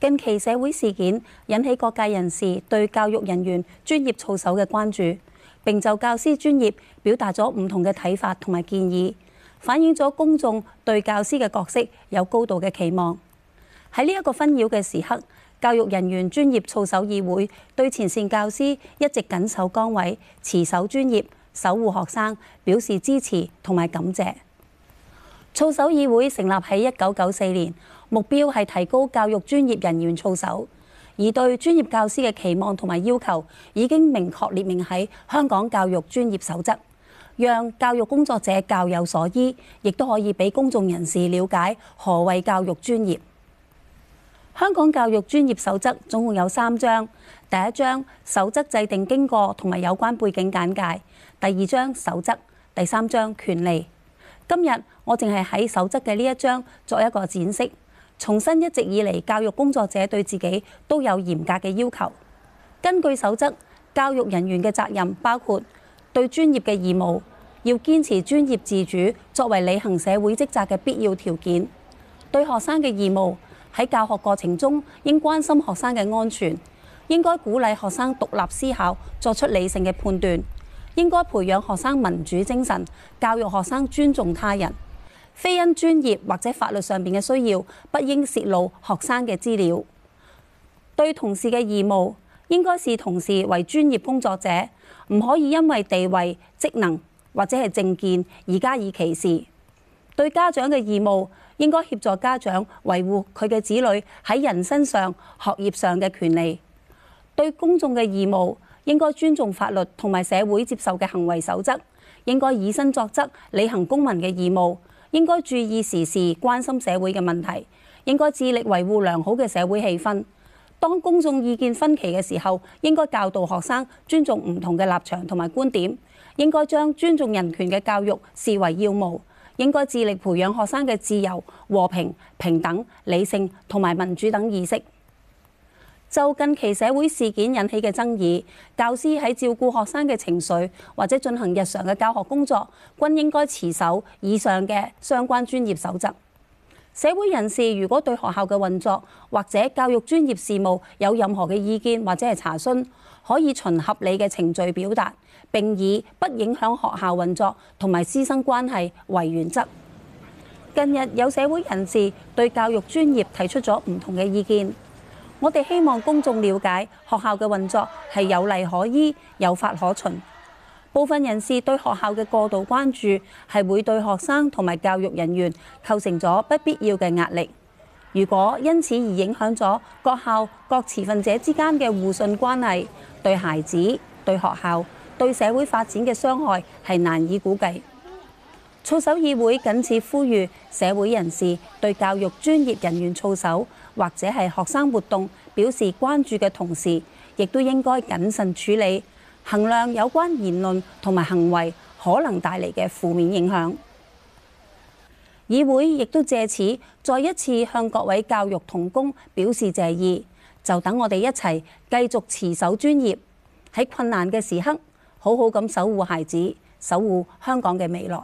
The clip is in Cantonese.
近期社會事件引起各界人士對教育人員專業操守嘅關注，並就教師專業表達咗唔同嘅睇法同埋建議，反映咗公眾對教師嘅角色有高度嘅期望。喺呢一個紛擾嘅時刻，教育人員專業操守議會對前線教師一直緊守崗位、持守專業、守護學生表示支持同埋感謝。操守議會成立喺一九九四年，目標係提高教育專業人員操守，而對專業教師嘅期望同埋要求已經明確列明喺香港教育專業守則，讓教育工作者教有所依，亦都可以俾公眾人士了解何謂教育專業。香港教育專業守則總共有三章：第一章守則制定經過同埋有關背景簡介；第二章守則；第三章權利。今日我淨係喺守則嘅呢一章作一個展示，重申一直以嚟，教育工作者對自己都有嚴格嘅要求。根據守則，教育人員嘅責任包括對專業嘅義務，要堅持專業自主，作為履行社會職責嘅必要條件；對學生嘅義務，喺教學過程中應關心學生嘅安全，應該鼓勵學生獨立思考，作出理性嘅判斷。應該培養學生民主精神，教育學生尊重他人。非因專業或者法律上邊嘅需要，不應洩露學生嘅資料。對同事嘅義務，應該視同事為專業工作者，唔可以因為地位、職能或者係政見而加以歧視。對家長嘅義務，應該協助家長維護佢嘅子女喺人身上、學業上嘅權利。對公眾嘅義務。應該尊重法律同埋社會接受嘅行為守則，應該以身作則，履行公民嘅義務，應該注意時事，關心社會嘅問題，應該致力維護良好嘅社會氣氛。當公眾意見分歧嘅時候，應該教導學生尊重唔同嘅立場同埋觀點，應該將尊重人權嘅教育視為要務，應該致力培養學生嘅自由、和平、平等、理性同埋民主等意識。就近期社會事件引起嘅爭議，教師喺照顧學生嘅情緒或者進行日常嘅教學工作，均應該持守以上嘅相關專業守則。社會人士如果對學校嘅運作或者教育專業事務有任何嘅意見或者係查詢，可以循合理嘅程序表達，並以不影響學校運作同埋師生關係為原則。近日有社會人士對教育專業提出咗唔同嘅意見。我哋希望公眾了解學校嘅運作係有例可依、有法可循。部分人士對學校嘅過度關注係會對學生同埋教育人員構成咗不必要嘅壓力。如果因此而影響咗各校各持份者之間嘅互信關係，對孩子、對學校、對社會發展嘅傷害係難以估計。操守議會僅此呼籲社會人士對教育專業人員操守或者係學生活動表示關注嘅同時，亦都應該謹慎處理衡量有關言論同埋行為可能帶嚟嘅負面影響。議會亦都借此再一次向各位教育同工表示謝意，就等我哋一齊繼續持守專業喺困難嘅時刻，好好咁守護孩子，守護香港嘅未來。